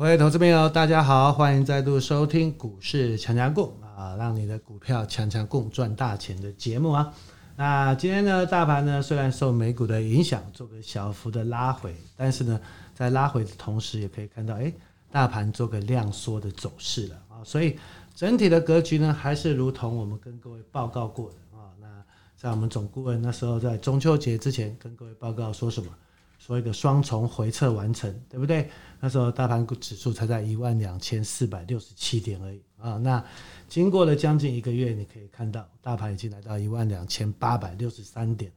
各位投資朋友，大家好，歡迎再度收聽《股市強強滾》啊，讓你的股票強強滾賺大錢的節目啊。那今天呢，大盤呢雖然受美股的影響，做個小幅的拉回，但是呢，在拉回的同時，也可以看到，哎，大盤做個量縮的走勢了啊。所以整體的格局呢，還是如同我們跟各位報告過的啊。那在我們總顧問那時候，在中秋節之前跟各位報告說什麼？所以一個雙重回測完成，對不對？那時候大盤指數才在一萬兩千四百六十七點而已啊。那經過了將近一個月，你可以看到，大盤已經來到一萬兩千八百六十三點。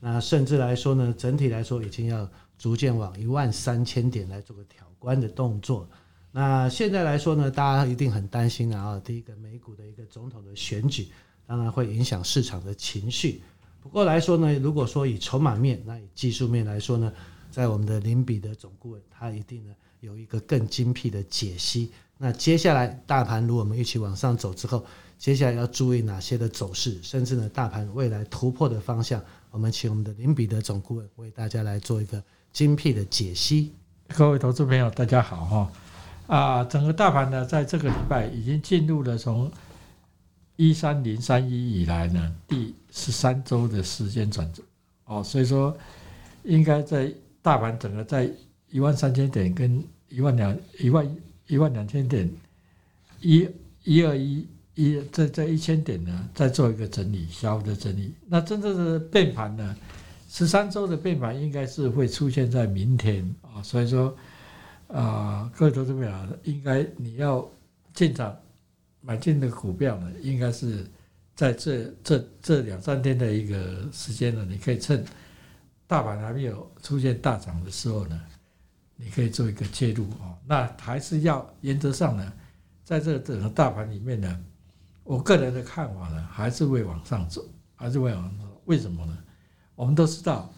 那甚至來說呢，整體來說已經要逐漸往一萬三千點來做個挑關的動作。那現在來說呢，大家一定很擔心啊。第一個，美股的一個總統的選舉，當然會影響市場的情緒。不過來說呢，如果說以籌碼面，那以技術面來說呢，在我們的林彼得總顧問他一定呢有一個更精闢的解析。那接下來大盤如果我們一起往上走之後，接下來要注意哪些的走勢，甚至呢大盤未來突破的方向，我們請我們的林彼得總顧問為大家來做一個精闢的解析。各位投資朋友，大家好哈！啊，整個大盤呢，在這個禮拜已經進入了從。一三零三一以來呢，第十三周的時間轉折哦，所以說應該在大盤整個在一萬三千點跟一萬兩一萬一萬兩千點一一二一一二這這一千點呢再做一個整理，下午的整理。那真正的變盤呢，十三周的變盤應該是會出現在明天啊，所以說啊、呃，各位投資者應該你要進場。買進的股票呢，應該是在這這這兩三天的一個時間呢，你可以趁大盤還沒有出現大漲的時候呢，你可以做一個介入哦。那還是要原則上呢，在這整個大盤裡面呢，我個人的看法呢，還是會往上走，還是會往上走。為什麼呢？我們都知道，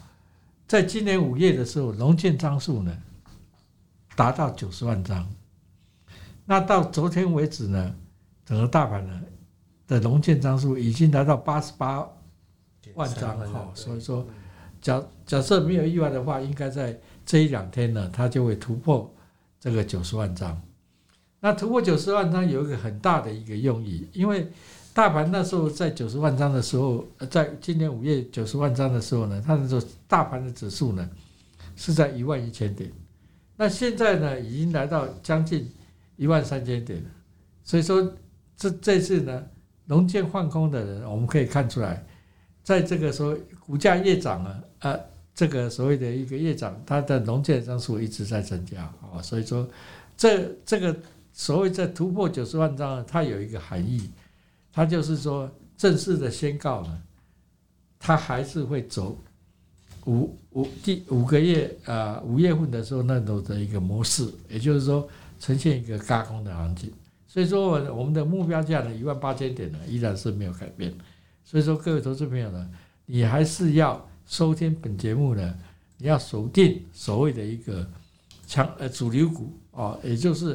在今年五月的時候，融券張數呢達到九十萬張，那到昨天為止呢，整個大盤呢的融券張數已經達到八十八萬張，好，所以說假假設沒有意外的話，應該在這一兩天呢，它就會突破這個九十萬張。那突破九十萬張有一個很大的一個用意，因為大盤那時候在九十萬張的時候，在今年五月九十萬張的時候呢，它那時候大盤的指數呢是在一萬一千點，那現在呢已經來到將近一萬三千點了，所以說。這這次呢，融券放空的人，我們可以看出來，在這個時候股價越漲了，啊、呃，這個所謂的一個越漲，它的融券張數一直在增加啊、哦，所以說，這這個所謂在突破九十萬張，它有一個含義，它就是說正式的宣告了，它還是會走五五第五個月啊、呃、五月份的時候那種的一個模式，也就是說呈現一個軋空的行情。所以說，我我們的目標價呢，一萬八千點呢，依然是沒有改變。所以說，各位投資朋友呢，你還是要收聽本節目呢，你要鎖定所謂的一個強呃主流股啊、哦，也就是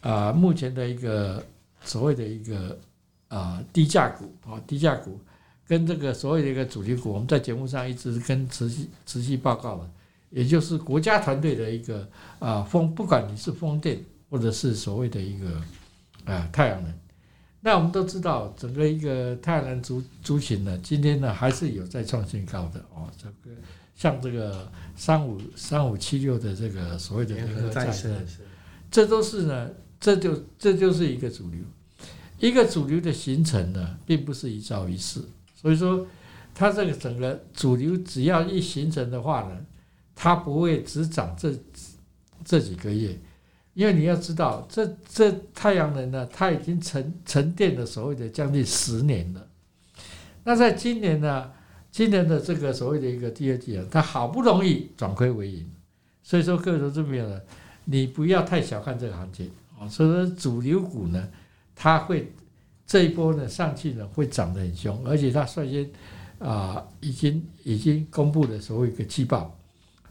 啊、呃、目前的一個所謂的一個啊低價股啊，低價股、哦、低價股跟這個所謂的一個主流股，我們在節目上一直跟持續持續報告的，也就是國家團隊的一個啊風、呃，不管你是風電或者是所謂的一個。啊，太陽能。那我們都知道，整個一個太陽能族族群呢，今天呢，還是有在創新高的哦。這個像這個三五三五七六的這個所謂的聯合再生，是是是這都是呢，這就這就是一個主流。一個主流的形成呢，並不是一朝一夕，所以說，它這個整個主流只要一形成的話呢，它不會只漲這這幾個月。因為你要知道，這這太陽能呢，它已經沉沉澱了所謂的將近十年了。那在今年呢，今年的這個所謂的一個第二季啊，它好不容易轉虧為盈，所以說各位證明了，你不要太小看這個行情啊。所以說，主流股呢，它會這一波呢上去呢，會漲得很凶，而且它率先啊、呃，已經已經公布了所謂一個季報，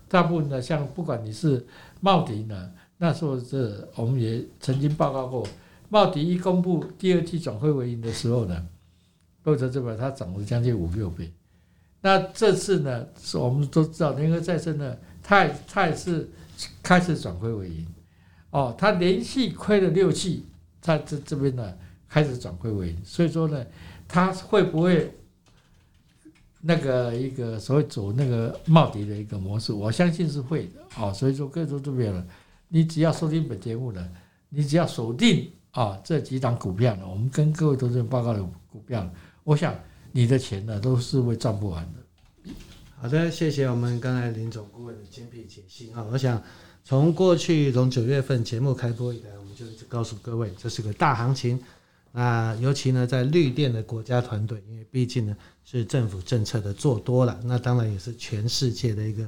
大部分呢，像不管你是茂迪呢。那時候是，我們也曾經報告過，茂迪一公布第二季轉虧為盈的時候呢，貴州這邊它漲了將近五六倍。那這次呢，是我們都知道聯合再生呢，它它也是開始轉虧為盈，哦，它連續虧了六期，他這這邊呢開始轉虧為盈，所以說呢，它會不會那個一個所謂走那個茂迪的一個模式，我相信是會的，哦，所以說各州這邊呢。你只要收聽本節目了，你只要鎖定啊這幾檔股票呢，我們跟各位投資人報告的股票，我想你的錢呢都是會賺不完的。好的，謝謝我們剛才林總顧問的精闢解析啊、哦，我想從過去從九月份節目開播以來，我們就告訴各位，這是個大行情。那尤其呢，在綠電的國家團隊，因為畢竟呢是政府政策的做多了，那當然也是全世界的一個。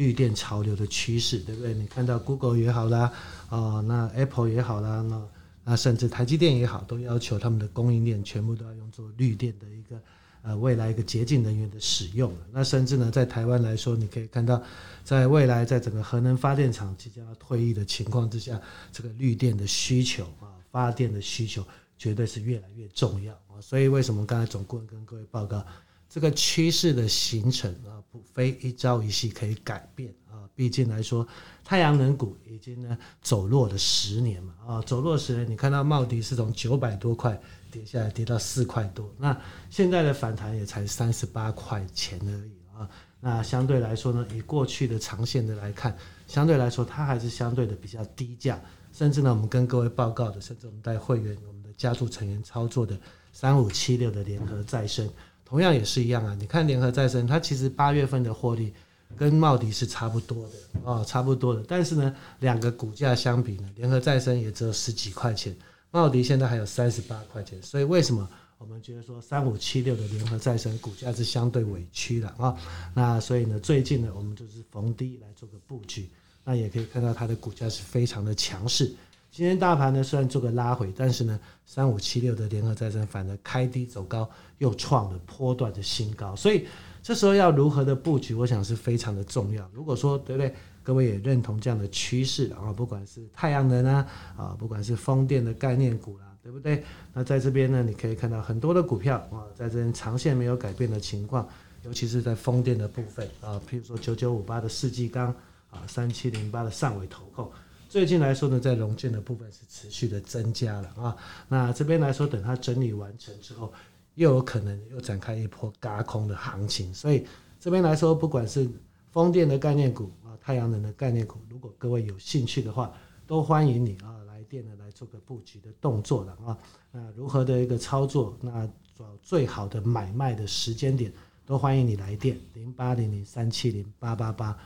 綠電潮流的趨勢，對不對？你看到 Google 也好啦，哦，那 Apple 也好啦，那，那甚至台積電也好，都要求他們的供應鏈全部都要用做綠電的一個，呃，未來一個潔淨能源的使用。那甚至呢，在台灣來說，你可以看到，在未來在整個核能發電廠即將要退役的情況之下，這個綠電的需求啊，發電的需求絕對是越來越重要。所以為什麼剛才總顧問跟各位報告，這個趨勢的形成啊，不非一朝一夕可以改變啊。畢竟來說，太陽能股已經呢走弱了十年嘛啊，走弱十年，你看到茂迪是從九百多塊跌下來，跌到四塊多，那現在的反彈也才三十八塊錢而已啊。那相對來說呢，以過去的長線的來看，相對來說它還是相對的比較低價，甚至呢，我們跟各位報告的，甚至我們帶會員、我們的家族成員操作的三五七六的聯合再生。同樣也是一樣啊，你看聯合再生，它其實八月份的獲利跟茂迪是差不多的啊、哦，差不多的。但是呢，兩個股價相比呢，聯合再生也只有十幾塊錢，茂迪現在還有三十八塊錢。所以為什麼我們覺得說三五七六的聯合再生股價是相對委屈的啊、哦？那所以呢，最近呢，我們就是逢低來做個佈局。那也可以看到它的股價是非常的強勢。今天大盤呢，雖然做個拉回，但是呢，三五七六的聯合再生反而開低走高，又創了波段的新高。所以這時候要如何的布局，我想是非常的重要。如果說對不對，各位也認同這樣的趨勢的話，不管是太陽能啊，啊，不管是風電的概念股啦，啊，對不對？那在這邊呢，你可以看到很多的股票啊，在這邊長線沒有改變的情況，尤其是在風電的部分啊，譬如說九九五八的世紀鋼啊，三七零八的上緯投控。最近來說呢，在融券的部分是持續的增加了啊。那這邊來說，等它整理完成之後，又有可能又展開一波軋空的行情。所以這邊來說，不管是風電的概念股啊、太陽能的概念股，如果各位有興趣的話，都歡迎你啊來電呢來做個布局的動作了啊。那如何的一個操作，那找最好的買賣的時間點，都歡迎你來電零八零零三七零八八八。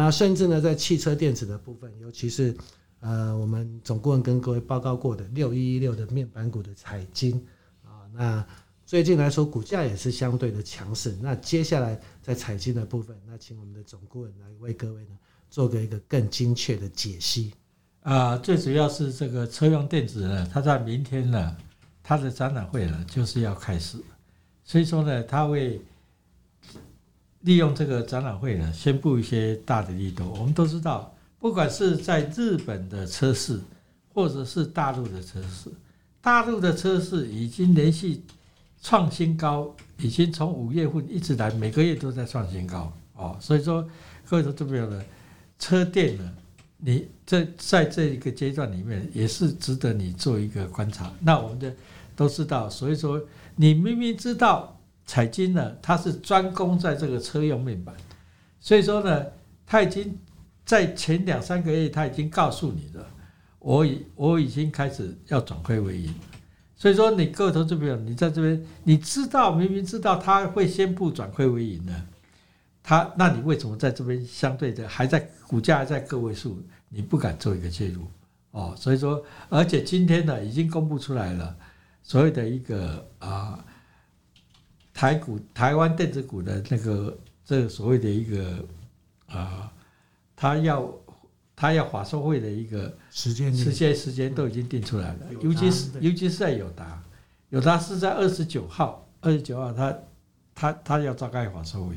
那甚至呢，在汽車電子的部分，尤其是，呃，我們總顧問跟各位報告過的六一一六的面板股的彩晶。啊，那最近來說股價也是相對的強勢。那接下來在彩晶的部分，那請我們的總顧問來為各位呢做個一個更精確的解析。啊，最主要是這個車用電子呢，它在明天呢，它的展覽會呢就是要開始，所以說呢，它會。利用這個展覽會呢，宣布一些大的力度。我們都知道，不管是在日本的車市，或者是大陸的車市，大陸的車市已經連續創新高，已經從五月份一直來，每個月都在創新高哦。所以說，各位代有的車店呢，你在在這一個階段裡面，也是值得你做一個觀察。那我們的都知道，所以說你明明知道。彩晶呢，它是專攻在這個車用面板，所以說呢，它已經，在前兩三個月，它已經告訴你了，我已我已經開始要轉虧為盈，所以說你各位投資朋友，你在這邊，你知道明明知道它會宣布轉虧為盈呢，它那你為什麼在這邊相對的還在股價還在個位數，你不敢做一個介入哦？所以說，而且今天呢，已經公布出來了，所有的一個啊。台股、台灣電子股的那個，這個所謂的一個啊，他要他要法說會的一個時間時間時間都已經定出來了，他尤其是對尤其是在友達，友達是在二十九號，二十九號他他他要召開法說會，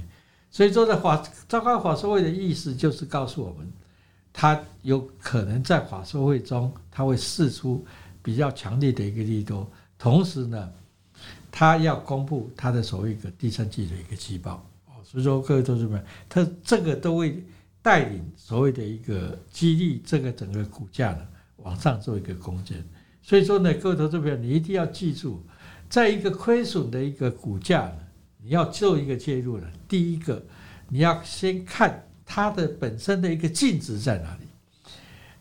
所以說在法召開法說會的意思就是告訴我們，他有可能在法說會中，他會釋出比較強烈的一個利多，同時呢。他要公布他的所謂一個第三季的一個季報哦，所以說各位投資朋友，他這個都會帶領所謂的一個激勵這個整個股價呢往上做一個空間。所以說呢，各位投資者，你一定要記住，在一個虧損的一個股價呢，你要做一個介入呢，第一個你要先看它的本身的一個淨值在哪裡。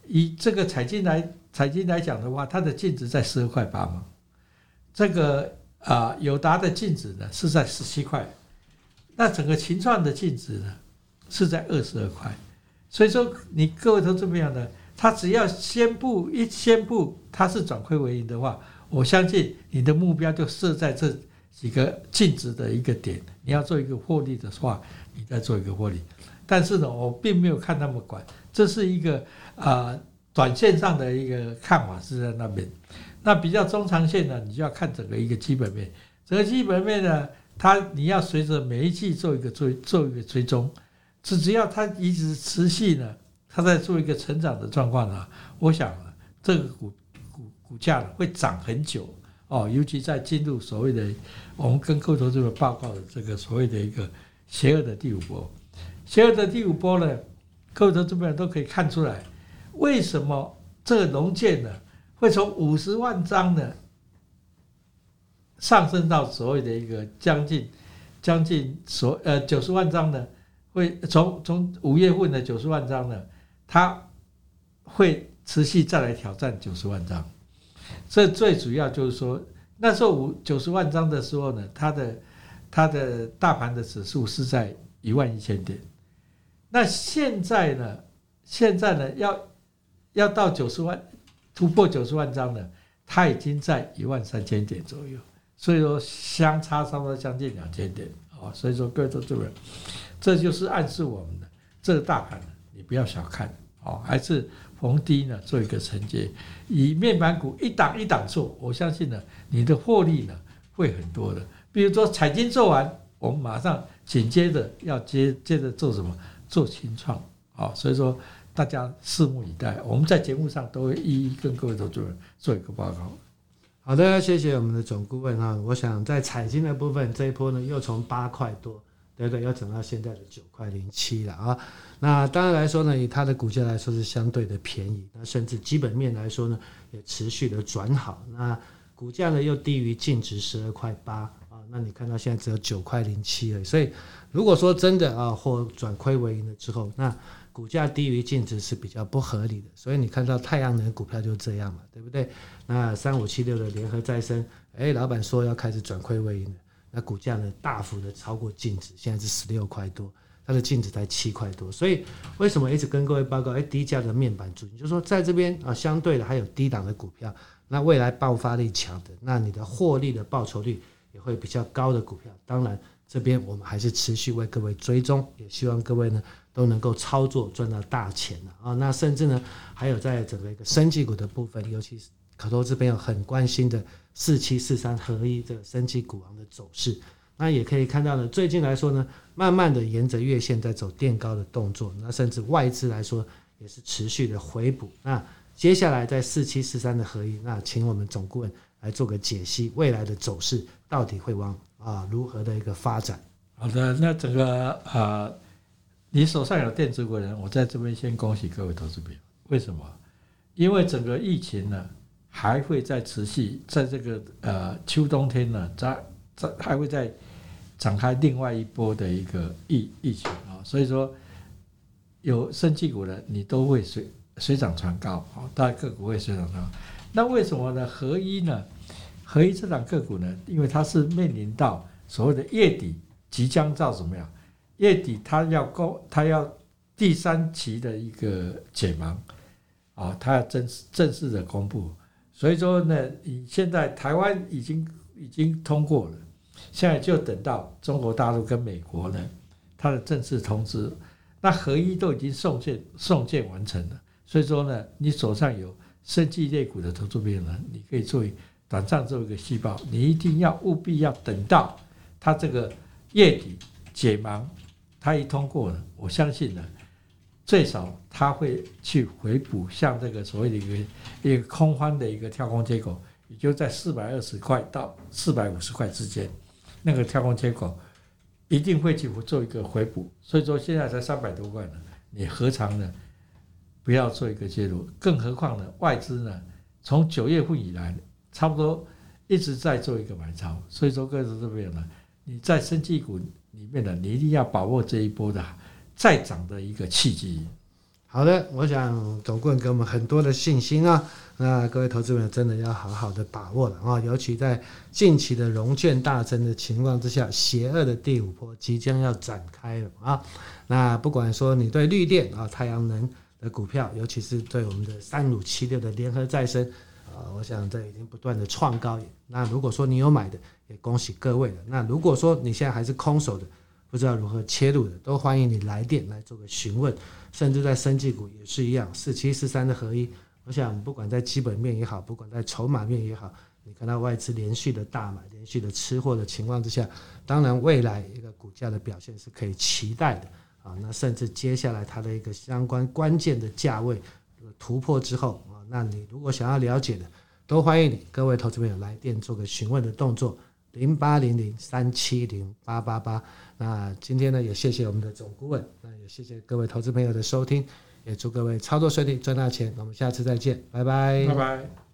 以這個彩晶來彩晶來講的話，它的淨值在十二塊八毛，這個。啊，友達、呃、的淨值呢是在十七塊，那整個群創的淨值呢是在二十二塊，所以說你各位都這麼樣的，他只要宣布一宣布它是轉虧為盈的話，我相信你的目標就設在這幾個淨值的一個點，你要做一個獲利的話，你再做一個獲利。但是呢，我並沒有看那麼寬，這是一個啊、呃、短線上的一個看法是在那邊。那比較中長線呢，你就要看整個一個基本面，整個基本面呢，它你要隨着每一季做一個追做一個追蹤，只只要它一直持續呢，它在做一個成長的狀況呢，我想這個股股股價呢會漲很久哦，尤其在進入所謂的我們跟各位這邊報告的這個所謂的一個邪惡的第五波，邪惡的第五波呢，各位這邊都可以看出來，為什麼這個龍建呢？會從五十萬張的上升到所謂的一個將近將近所呃九十萬張的，會從從五月份的九十萬張的，它會持續再來挑戰九十萬張。所以最主要就是說，那時候五九十萬張的時候呢，它的它的大盤的指數是在一萬一千點。那現在呢，現在呢要要到九十萬。突破九十萬張的，它已經在一萬三千點左右，所以說相差差不多將近兩千點啊，所以說各位投資人，這就是暗示我們的，這個大盤呢你不要小看哦，還是逢低呢做一個承接，以面板股一檔一檔做，我相信呢你的獲利呢會很多的。比如說彩晶做完，我們馬上緊接着要接接着做什麼？做群創啊，所以說。大家拭目以待，我們在節目上都會一一跟各位投資人做一個報告。好的，謝謝我們的總顧問哈。我想在彩經的部分，這一波呢又從八塊多，對不對，又漲到現在的九塊零七了啊。那當然來說呢，以它的股價來說是相對的便宜，那甚至基本面來說呢也持續的轉好，那股價呢又低於淨值十二塊八啊。那你看到現在只有九塊零七了，所以如果說真的啊，或轉虧為盈了之後，那股價低於淨值是比較不合理的，所以你看到太陽能股票就這樣嘛，對不對？那三五七六的聯合再生，誒、哎，老板說要開始轉虧為盈了，那股價呢大幅的超過淨值，現在是十六塊多，它的淨值才七塊多，所以為什麼一直跟各位報告，誒、哎，低價的面板主義，就是說在這邊啊，相對的還有低檔的股票，那未來爆發力強的，那你的獲利的報酬率也會比較高的股票，當然這邊我們還是持續為各位追蹤，也希望各位呢。都能夠操作賺到大錢啊,啊！那甚至呢，還有在整個一個生技股的部分，尤其是可投資朋友很關心的四七四三合一這個生技股王的走勢。那也可以看到呢，最近來說呢，慢慢的沿着月線在走墊高的動作。那甚至外資來說也是持續的回補。那接下來在四七四三的合一，那請我們總顧問來做個解析，未來的走勢到底會往啊如何的一個發展？好的，那整個呃。嗯啊你手上有電子股的人，我在這邊先恭喜各位投資朋友。為什麼？因為整個疫情呢還會再持續，在這個呃秋冬天呢，在在，還會再展開另外一波的一個疫疫情啊。所以說，有生技股的你都會水水漲船高啊，當然個股會水漲船高。那為什麼呢？合一呢？合一這檔個股呢，因為它是面臨到所謂的月底，即將到怎麼樣？月底他要告，他要第三期的一個解盲，啊、哦，他要正正式的公布。所以說呢，你現在台灣已經已經通過了，現在就等到中國大陸跟美國呢，它的正式通知。那合一都已經送件送件完成了，所以說呢，你手上有生技類股的投資病人，你可以作為短暫做一個細胞，你一定要務必要等到他這個月底解盲。他一通過了，我相信呢，最少他會去回補，像這個所謂的一個一個空翻的一個跳空缺口，也就在四百二十塊到四百五十塊之間，那個跳空缺口一定會去做一個回補，所以說現在才三百多塊呢，你何嘗呢不要做一個介入？更何況呢，外資呢從九月份以來差不多一直在做一個買超，所以說各自這邊呢，你再生技股，裡面的你一定要把握這一波的再漲的一個契機，好的，我想總共給我們很多的信心啊！那各位投資人真的要好好的把握了啊！尤其在近期的融券大增的情況之下，邪惡的第五波即將要展開了啊！那不管說你對綠電啊、太陽能的股票，尤其是對我們的三五七六的聯合再生，我想在已經不斷的創高，那如果說你有買的，也恭喜各位了。那如果說你現在還是空手的，不知道如何切入的，都歡迎你來電來做個詢問，甚至在生技股也是一樣，四七四三的合一。我想不管在基本面也好，不管在籌碼面也好，你看到外資連續的大買，連續的吃貨的情況之下，當然未來一個股價的表現是可以期待的啊。那甚至接下來它的一個相關關鍵的價位。突破之後啊，那你如果想要了解的，都歡迎你，各位投資朋友來電做個詢問的動作，零八零零三七零八八八。那今天呢，也謝謝我們的總顧問，那也謝謝各位投資朋友的收聽，也祝各位操作順利，賺大錢。我們下次再見，拜拜，拜拜。